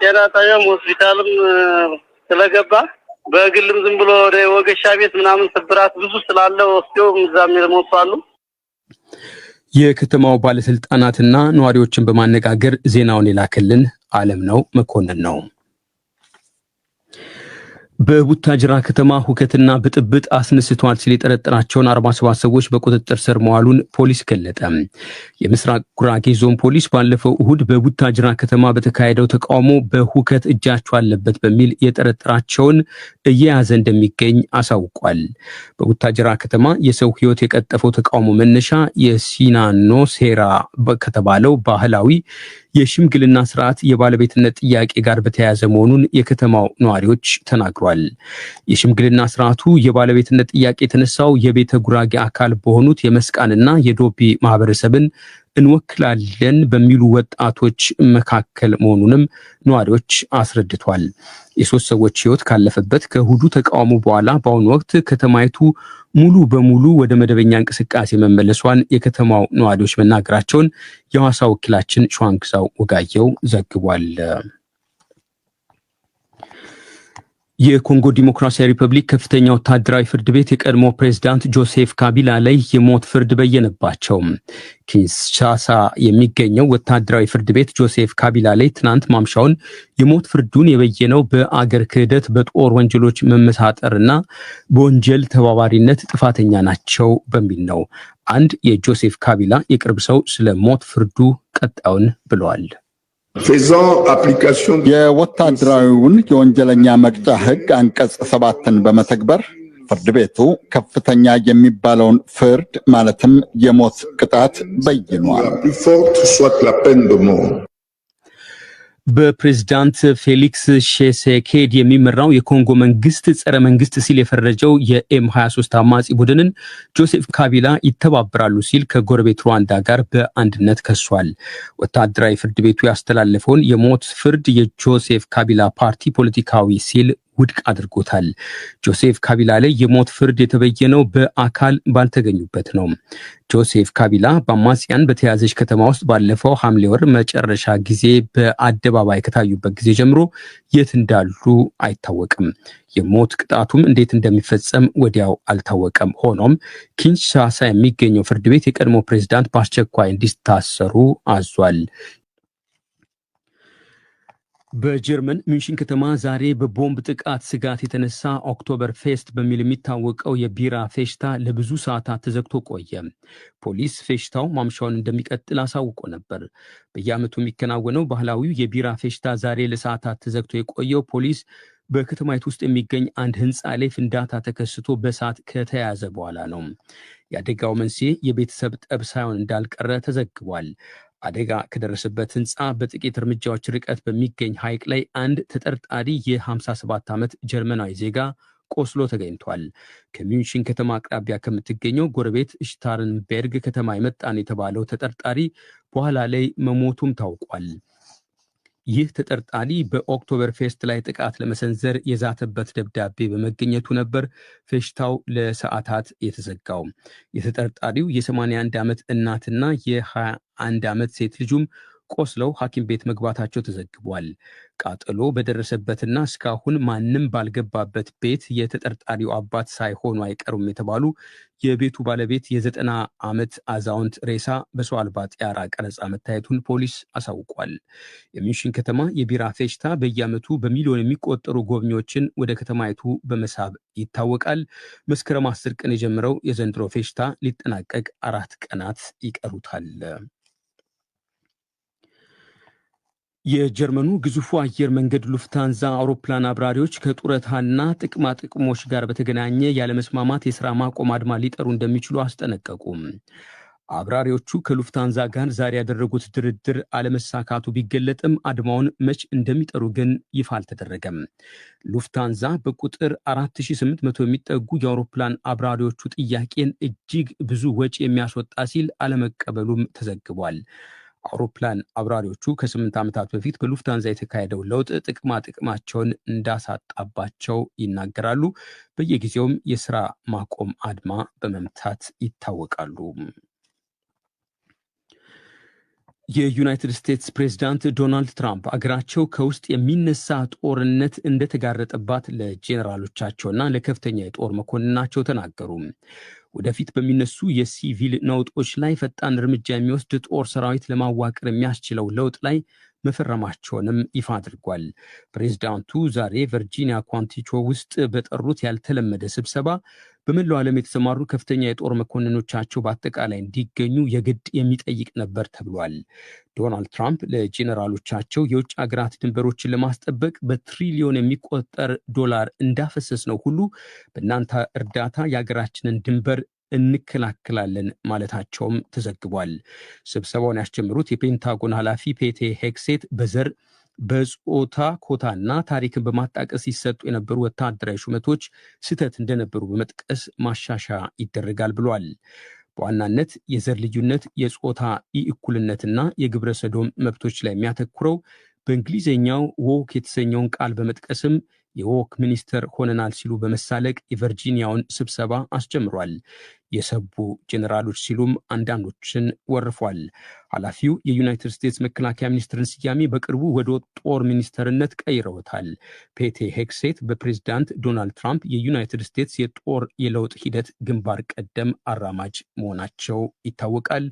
ጤና ጣቢያም ሆስፒታልም ስለገባ በግልም ዝም ብሎ ወደ ወገሻ ቤት ምናምን ስብራት ብዙ ስላለ ወስደው እዛም የሞቱ አሉ። የከተማው ባለስልጣናትና ነዋሪዎችን በማነጋገር ዜናውን የላክልን አለም ነው መኮንን ነው። በቡታጅራ ከተማ ሁከትና ብጥብጥ አስነስቷል ሲል የጠረጠራቸውን 47 ሰዎች በቁጥጥር ስር መዋሉን ፖሊስ ገለጠ። የምስራቅ ጉራጌ ዞን ፖሊስ ባለፈው እሁድ በቡታጅራ ከተማ በተካሄደው ተቃውሞ በሁከት እጃቸው አለበት በሚል የጠረጠራቸውን እየያዘ እንደሚገኝ አሳውቋል። በቡታጅራ ከተማ የሰው ሕይወት የቀጠፈው ተቃውሞ መነሻ የሲናኖ ሴራ ከተባለው ባህላዊ የሽምግልና ስርዓት የባለቤትነት ጥያቄ ጋር በተያያዘ መሆኑን የከተማው ነዋሪዎች ተናግሯል። ተናግሯል። የሽምግልና ስርዓቱ የባለቤትነት ጥያቄ የተነሳው የቤተ ጉራጌ አካል በሆኑት የመስቃንና የዶቢ ማህበረሰብን እንወክላለን በሚሉ ወጣቶች መካከል መሆኑንም ነዋሪዎች አስረድቷል። የሶስት ሰዎች ህይወት ካለፈበት ከእሁዱ ተቃውሞ በኋላ በአሁኑ ወቅት ከተማይቱ ሙሉ በሙሉ ወደ መደበኛ እንቅስቃሴ መመለሷን የከተማው ነዋሪዎች መናገራቸውን የሐዋሳ ወኪላችን ሸዋንግዛው ወጋየው ዘግቧል። የኮንጎ ዲሞክራሲያዊ ሪፐብሊክ ከፍተኛ ወታደራዊ ፍርድ ቤት የቀድሞ ፕሬዝዳንት ጆሴፍ ካቢላ ላይ የሞት ፍርድ በየነባቸው። ኪንሻሳ የሚገኘው ወታደራዊ ፍርድ ቤት ጆሴፍ ካቢላ ላይ ትናንት ማምሻውን የሞት ፍርዱን የበየነው በአገር ክህደት፣ በጦር ወንጀሎች መመሳጠርና በወንጀል ተባባሪነት ጥፋተኛ ናቸው በሚል ነው። አንድ የጆሴፍ ካቢላ የቅርብ ሰው ስለ ሞት ፍርዱ ቀጣዩን ብለዋል። የወታደራዊውን የወንጀለኛ መቅጫ ህግ አንቀጽ ሰባትን በመተግበር ፍርድ ቤቱ ከፍተኛ የሚባለውን ፍርድ ማለትም የሞት ቅጣት በይኗል። በፕሬዝዳንት ፌሊክስ ሼሴኬድ የሚመራው የኮንጎ መንግስት ጸረ መንግስት ሲል የፈረጀው የኤም 23 አማጺ ቡድንን ጆሴፍ ካቢላ ይተባበራሉ ሲል ከጎረቤት ሩዋንዳ ጋር በአንድነት ከሷል። ወታደራዊ ፍርድ ቤቱ ያስተላለፈውን የሞት ፍርድ የጆሴፍ ካቢላ ፓርቲ ፖለቲካዊ ሲል ውድቅ አድርጎታል። ጆሴፍ ካቢላ ላይ የሞት ፍርድ የተበየነው በአካል ባልተገኙበት ነው። ጆሴፍ ካቢላ በአማጽያን በተያዘች ከተማ ውስጥ ባለፈው ሐምሌ ወር መጨረሻ ጊዜ በአደባባይ ከታዩበት ጊዜ ጀምሮ የት እንዳሉ አይታወቅም። የሞት ቅጣቱም እንዴት እንደሚፈጸም ወዲያው አልታወቀም። ሆኖም ኪንሻሳ የሚገኘው ፍርድ ቤት የቀድሞ ፕሬዝዳንት በአስቸኳይ እንዲታሰሩ አዟል። በጀርመን ሚንሽን ከተማ ዛሬ በቦምብ ጥቃት ስጋት የተነሳ ኦክቶበር ፌስት በሚል የሚታወቀው የቢራ ፌሽታ ለብዙ ሰዓታት ተዘግቶ ቆየ። ፖሊስ ፌሽታው ማምሻውን እንደሚቀጥል አሳውቆ ነበር። በየዓመቱ የሚከናወነው ባህላዊው የቢራ ፌሽታ ዛሬ ለሰዓታት ተዘግቶ የቆየው ፖሊስ በከተማይቱ ውስጥ የሚገኝ አንድ ህንፃ ላይ ፍንዳታ ተከስቶ በእሳት ከተያያዘ በኋላ ነው። የአደጋው መንስኤ የቤተሰብ ጠብ ሳይሆን እንዳልቀረ ተዘግቧል። አደጋ ከደረሰበት ህንፃ በጥቂት እርምጃዎች ርቀት በሚገኝ ሐይቅ ላይ አንድ ተጠርጣሪ የ57 ዓመት ጀርመናዊ ዜጋ ቆስሎ ተገኝቷል። ከሚንሽን ከተማ አቅራቢያ ከምትገኘው ጎረቤት ሽታርንቤርግ ከተማ የመጣን የተባለው ተጠርጣሪ በኋላ ላይ መሞቱም ታውቋል። ይህ ተጠርጣሪ በኦክቶበር ፌስት ላይ ጥቃት ለመሰንዘር የዛተበት ደብዳቤ በመገኘቱ ነበር ፌሽታው ለሰዓታት የተዘጋው። የተጠርጣሪው የ81 ዓመት እናትና የ20 አንድ ዓመት ሴት ልጁም ቆስለው ሐኪም ቤት መግባታቸው ተዘግቧል። ቃጠሎ በደረሰበትና እስካሁን ማንም ባልገባበት ቤት የተጠርጣሪው አባት ሳይሆኑ አይቀሩም የተባሉ የቤቱ ባለቤት የዘጠና ዓመት አዛውንት ሬሳ በሰው አልባ ቀረጻ መታየቱን ፖሊስ አሳውቋል። የሚንሽን ከተማ የቢራ ፌሽታ በየዓመቱ በሚሊዮን የሚቆጠሩ ጎብኚዎችን ወደ ከተማይቱ በመሳብ ይታወቃል። መስከረም አስር ቀን የጀመረው የዘንድሮ ፌሽታ ሊጠናቀቅ አራት ቀናት ይቀሩታል። የጀርመኑ ግዙፉ አየር መንገድ ሉፍታንዛ አውሮፕላን አብራሪዎች ከጡረታና ጥቅማ ጥቅሞች ጋር በተገናኘ ያለመስማማት የስራ ማቆም አድማ ሊጠሩ እንደሚችሉ አስጠነቀቁም። አብራሪዎቹ ከሉፍታንዛ ጋር ዛሬ ያደረጉት ድርድር አለመሳካቱ ቢገለጥም አድማውን መች እንደሚጠሩ ግን ይፋ አልተደረገም። ሉፍታንዛ በቁጥር 4800 የሚጠጉ የአውሮፕላን አብራሪዎቹ ጥያቄን እጅግ ብዙ ወጪ የሚያስወጣ ሲል አለመቀበሉም ተዘግቧል። አውሮፕላን አብራሪዎቹ ከስምንት ዓመታት በፊት በሉፍታንዛ የተካሄደው ለውጥ ጥቅማ ጥቅማቸውን እንዳሳጣባቸው ይናገራሉ። በየጊዜውም የስራ ማቆም አድማ በመምታት ይታወቃሉ። የዩናይትድ ስቴትስ ፕሬዝዳንት ዶናልድ ትራምፕ አገራቸው ከውስጥ የሚነሳ ጦርነት እንደተጋረጠባት ለጄኔራሎቻቸውና ለከፍተኛ የጦር መኮንናቸው ተናገሩ። ወደፊት በሚነሱ የሲቪል ነውጦች ላይ ፈጣን እርምጃ የሚወስድ ጦር ሰራዊት ለማዋቀር የሚያስችለው ለውጥ ላይ መፈረማቸውንም ይፋ አድርጓል። ፕሬዝዳንቱ ዛሬ ቨርጂኒያ ኳንቲቾ ውስጥ በጠሩት ያልተለመደ ስብሰባ በመላው ዓለም የተሰማሩ ከፍተኛ የጦር መኮንኖቻቸው በአጠቃላይ እንዲገኙ የግድ የሚጠይቅ ነበር ተብሏል። ዶናልድ ትራምፕ ለጄኔራሎቻቸው የውጭ ሀገራት ድንበሮችን ለማስጠበቅ በትሪሊዮን የሚቆጠር ዶላር እንዳፈሰስ ነው ሁሉ በእናንተ እርዳታ የሀገራችንን ድንበር እንከላከላለን ማለታቸውም ተዘግቧል። ስብሰባውን ያስጀምሩት የፔንታጎን ኃላፊ ፔቴ ሄክሴት በዘር በጾታ ኮታና ታሪክን በማጣቀስ ሲሰጡ የነበሩ ወታደራዊ ሹመቶች ስህተት እንደነበሩ በመጥቀስ ማሻሻያ ይደረጋል ብሏል። በዋናነት የዘር ልዩነት፣ የጾታ እኩልነትና የግብረ ሰዶም መብቶች ላይ የሚያተኩረው በእንግሊዝኛው ዎክ የተሰኘውን ቃል በመጥቀስም የወክ ሚኒስትር ሆነናል ሲሉ በመሳለቅ የቨርጂኒያውን ስብሰባ አስጀምሯል። የሰቡ ጄኔራሎች ሲሉም አንዳንዶችን ወርፏል። ኃላፊው የዩናይትድ ስቴትስ መከላከያ ሚኒስትርን ስያሜ በቅርቡ ወደ ጦር ሚኒስተርነት ቀይረውታል። ፔቴ ሄክሴት በፕሬዝዳንት ዶናልድ ትራምፕ የዩናይትድ ስቴትስ የጦር የለውጥ ሂደት ግንባር ቀደም አራማጅ መሆናቸው ይታወቃል።